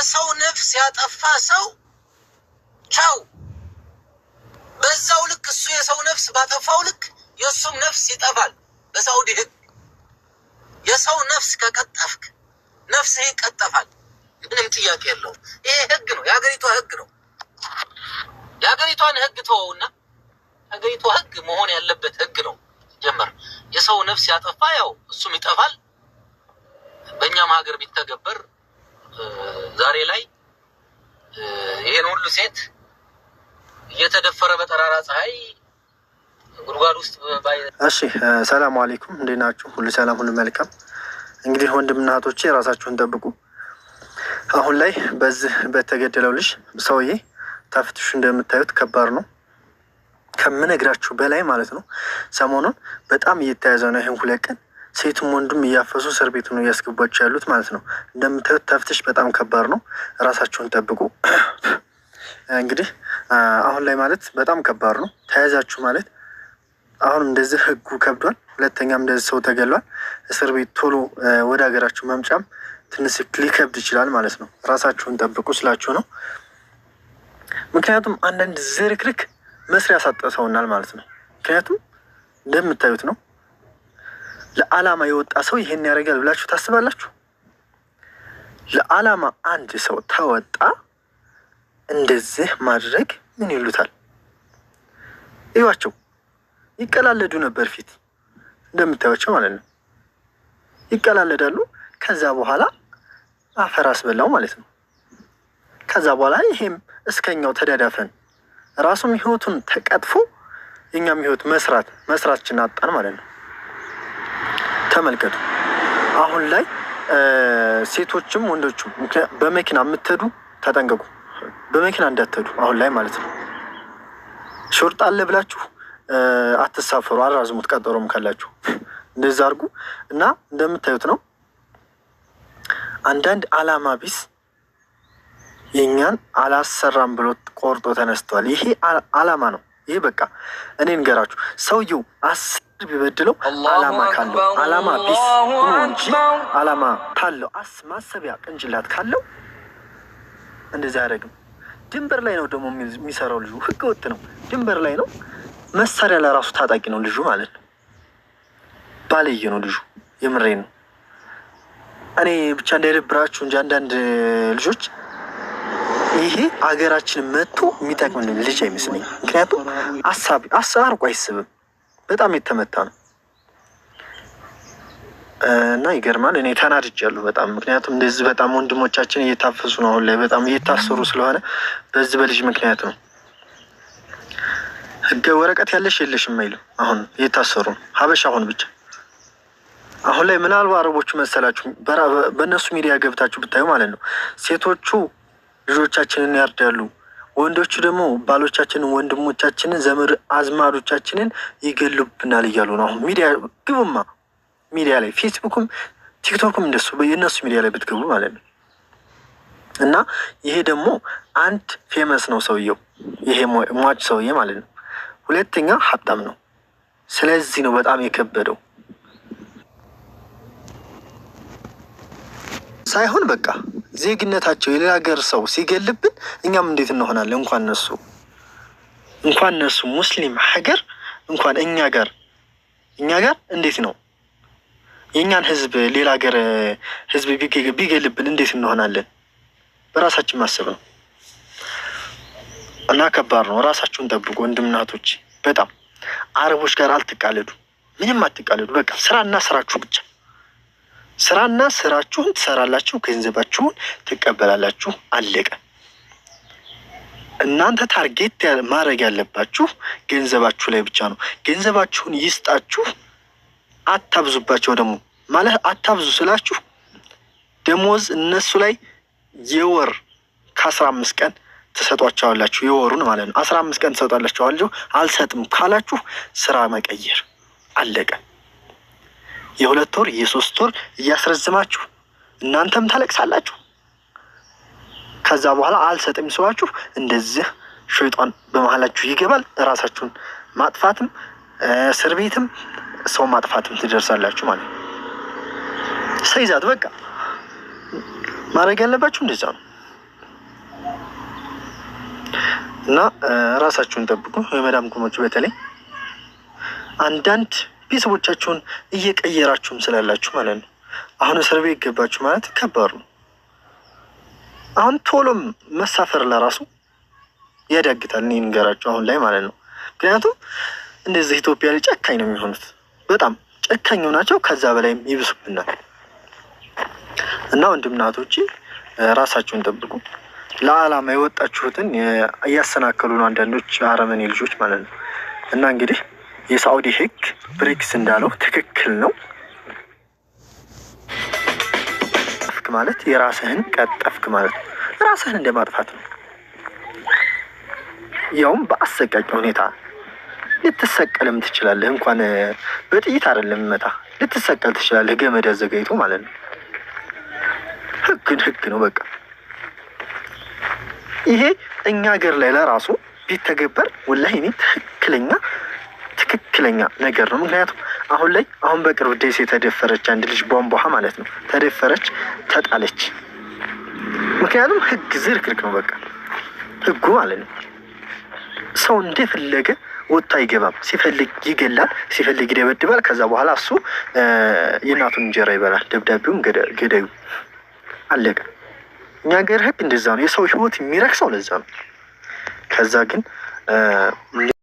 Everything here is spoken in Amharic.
የሰው ነፍስ ያጠፋ ሰው ቻው። በዛው ልክ እሱ የሰው ነፍስ ባጠፋው ልክ የእሱም ነፍስ ይጠፋል። በሳውዲ ህግ የሰው ነፍስ ከቀጠፍክ ነፍስ ይቀጠፋል። ምንም ጥያቄ የለውም። ይሄ ህግ ነው፣ የሀገሪቷ ህግ ነው። የሀገሪቷን ህግ ተወውና ሀገሪቷ ህግ መሆን ያለበት ህግ ነው። ጀመር የሰው ነፍስ ያጠፋ ያው እሱም ይጠፋል። በእኛም ሀገር ቢተገበር ዛሬ ላይ ይህን ሁሉ ሴት እየተደፈረ በጠራራ ፀሐይ ጉድጓድ ውስጥ እሺ፣ ሰላም አሌይኩም፣ እንዴት ናችሁ? ሁሉ ሰላም፣ ሁሉ መልካም። እንግዲህ ወንድምና እህቶቼ ራሳችሁን ጠብቁ። አሁን ላይ በዚህ በተገደለው ልጅ ሰውዬ ታፍትሹ እንደምታዩት ከባድ ነው ከምነግራችሁ በላይ ማለት ነው። ሰሞኑን በጣም እየተያዘ ነው ይህን ሁለት ቀን ሴትም ወንዱም እያፈሱ እስር ቤት ነው እያስገቧቸው ያሉት ማለት ነው። እንደምታዩት ተፍትሽ በጣም ከባድ ነው። ራሳቸውን ጠብቁ። እንግዲህ አሁን ላይ ማለት በጣም ከባድ ነው። ተያዛችሁ ማለት አሁን እንደዚህ ህጉ ከብዷል። ሁለተኛም እንደዚህ ሰው ተገሏል። እስር ቤት ቶሎ ወደ ሀገራችሁ መምጫም ትንሽ ሊከብድ ይችላል ማለት ነው። ራሳችሁን ጠብቁ ስላችሁ ነው። ምክንያቱም አንዳንድ ዝርክርክ መስሪያ ያሳጠሰውናል ማለት ነው። ምክንያቱም እንደምታዩት ነው። ለዓላማ የወጣ ሰው ይሄን ያደርጋል ብላችሁ ታስባላችሁ? ለዓላማ አንድ ሰው ተወጣ እንደዚህ ማድረግ ምን ይሉታል? እዩዋቸው፣ ይቀላለዱ ነበር ፊት እንደምታዩቸው ማለት ነው። ይቀላለዳሉ። ከዛ በኋላ አፈር አስበላው ማለት ነው። ከዛ በኋላ ይሄም እስከኛው ተዳዳፈን፣ ራሱም ህይወቱን ተቀጥፎ የእኛም ህይወት መስራት መስራችን አጣን ማለት ነው። ተመልከቱ። አሁን ላይ ሴቶችም ወንዶችም በመኪና የምትሄዱ ተጠንቀቁ። በመኪና እንዳትሄዱ አሁን ላይ ማለት ነው። ሾርጥ አለ ብላችሁ አትሳፈሩ። አራዝሙት ቀጠሮም ካላችሁ እንደዛ አድርጉ እና እንደምታዩት ነው። አንዳንድ አላማ ቢስ የእኛን አላሰራም ብሎ ቆርጦ ተነስተዋል። ይሄ አላማ ነው። ይሄ በቃ እኔ ንገራችሁ ሰውየው ቢበድለው አላማ ካለው አላማ ቢስ እንጂ አላማ ካለው አስ ማሰቢያ ቅንጅላት ካለው እንደዚህ አያደርግም። ድንበር ላይ ነው ደግሞ የሚሰራው ልጁ ህገ ወጥ ነው። ድንበር ላይ ነው መሳሪያ ለራሱ ታጣቂ ነው ልጁ ማለት ነው። ባለየ ነው ልጁ የምሬ ነው። እኔ ብቻ እንዳይደብራችሁ እንጂ አንዳንድ ልጆች ይሄ አገራችን መጥቶ የሚጠቅምን ልጅ አይመስለኝ። ምክንያቱም አሳቢ አርቆ አይስብም በጣም የተመታ ነው እና ይገርማል። እኔ ተናድጃለሁ በጣም ምክንያቱም እንደዚህ በጣም ወንድሞቻችን እየታፈሱ ነው አሁን ላይ በጣም እየታሰሩ ስለሆነ በዚህ በልጅ ምክንያት ነው። ህገ ወረቀት ያለሽ የለሽም አይልም። አሁን እየታሰሩ ነው ሀበሻ አሁን ብቻ አሁን ላይ ምናልባት አረቦቹ መሰላችሁ በእነሱ ሚዲያ ገብታችሁ ብታዩ ማለት ነው ሴቶቹ ልጆቻችንን ያርዳሉ ወንዶቹ ደግሞ ባሎቻችንን፣ ወንድሞቻችንን፣ ዘመድ አዝማዶቻችንን ይገሉብናል እያሉ ነው። አሁን ሚዲያ ግቡማ፣ ሚዲያ ላይ ፌስቡክም ቲክቶክም እንደሱ የእነሱ ሚዲያ ላይ ብትገቡ ማለት ነው። እና ይሄ ደግሞ አንድ ፌመስ ነው ሰውየው፣ ይሄ ሟች ሰውዬ ማለት ነው። ሁለተኛ ሀብታም ነው። ስለዚህ ነው በጣም የከበደው ሳይሆን በቃ ዜግነታቸው የሌላ ሀገር ሰው ሲገልብን እኛም እንዴት እንሆናለን? እንኳን እነሱ እንኳን እነሱ ሙስሊም ሀገር እንኳን እኛ ጋር እኛ ጋር እንዴት ነው የእኛን ህዝብ ሌላ ሀገር ህዝብ ቢገልብን እንዴት እንሆናለን? በራሳችን ማሰብ ነው እና ከባድ ነው። ራሳችሁን ጠብቁ ወንድምናቶች። በጣም አረቦች ጋር አልትቃለዱ፣ ምንም አትቃለዱ። በቃ ስራና ስራችሁ ብቻ ስራና ስራችሁን ትሰራላችሁ፣ ገንዘባችሁን ትቀበላላችሁ። አለቀ። እናንተ ታርጌት ማድረግ ያለባችሁ ገንዘባችሁ ላይ ብቻ ነው። ገንዘባችሁን ይስጣችሁ፣ አታብዙባቸው። ደግሞ ማለት አታብዙ ስላችሁ ደሞዝ እነሱ ላይ የወር ከአስራ አምስት ቀን ትሰጧቸዋላችሁ የወሩን ማለት ነው። አስራ አምስት ቀን ትሰጧላችኋል። አልሰጥም ካላችሁ ስራ መቀየር አለቀ። የሁለት ወር የሶስት ወር እያስረዝማችሁ እናንተም ታለቅሳላችሁ። ከዛ በኋላ አልሰጥም ሰዋችሁ እንደዚህ ሸይጣን በመሀላችሁ ይገባል። እራሳችሁን ማጥፋትም እስር ቤትም ሰው ማጥፋትም ትደርሳላችሁ ማለት ነው። ሰይዛት በቃ ማድረግ ያለባችሁ እንደዛ ነው እና ራሳችሁን ጠብቁ። የመዳም ቁሞች በተለይ አንዳንድ ቤተሰቦቻችሁን እየቀየራችሁም ስላላችሁ ማለት ነው። አሁን እስር ቤት ይገባችሁ ማለት ከባድ ነው። አሁን ቶሎም መሳፈር ለራሱ ያዳግታል። እኔ ንገራቸው አሁን ላይ ማለት ነው። ምክንያቱም እንደዚህ ኢትዮጵያ ላይ ጨካኝ ነው የሚሆኑት። በጣም ጨካኝ ናቸው። ከዛ በላይም ይብሱብናል። እና ወንድም ናቶቼ ራሳችሁን ጠብቁ። ለዓላማ የወጣችሁትን እያሰናከሉ ነው አንዳንዶች አረመኔ ልጆች ማለት ነው። እና እንግዲህ የሳዑዲ ህግ ብሪክስ እንዳለው ትክክል ነው። ጠፍክ ማለት የራስህን ቀጠፍክ ማለት ነው። ራስህን እንደማጥፋት ነው። ያውም በአሰቃቂ ሁኔታ ልትሰቀልም ትችላለህ። እንኳን በጥይት አይደለም መታ ልትሰቀል ትችላለህ። ገመድ አዘጋጅቶ ማለት ነው። ህግን ህግ ነው በቃ። ይሄ እኛ ሀገር ላይ ለራሱ ቢተገበር ወላሂ እኔ ትክክለኛ ትክክለኛ ነገር ነው። ምክንያቱም አሁን ላይ አሁን በቅርብ ደሴ የተደፈረች አንድ ልጅ ቧንቧ ማለት ነው ተደፈረች፣ ተጣለች። ምክንያቱም ህግ ዝርክርክ ነው፣ በቃ ህጉ ማለት ነው። ሰው እንደፈለገ ወጥቶ አይገባም። ሲፈልግ ይገላል፣ ሲፈልግ ይደበድባል። ከዛ በኋላ እሱ የእናቱን እንጀራ ይበላል። ደብዳቤውም ገዳዩ አለቀ። እኛ ሀገር ህግ እንደዛ ነው። የሰው ህይወት የሚረክሰው ለዛ ነው። ከዛ ግን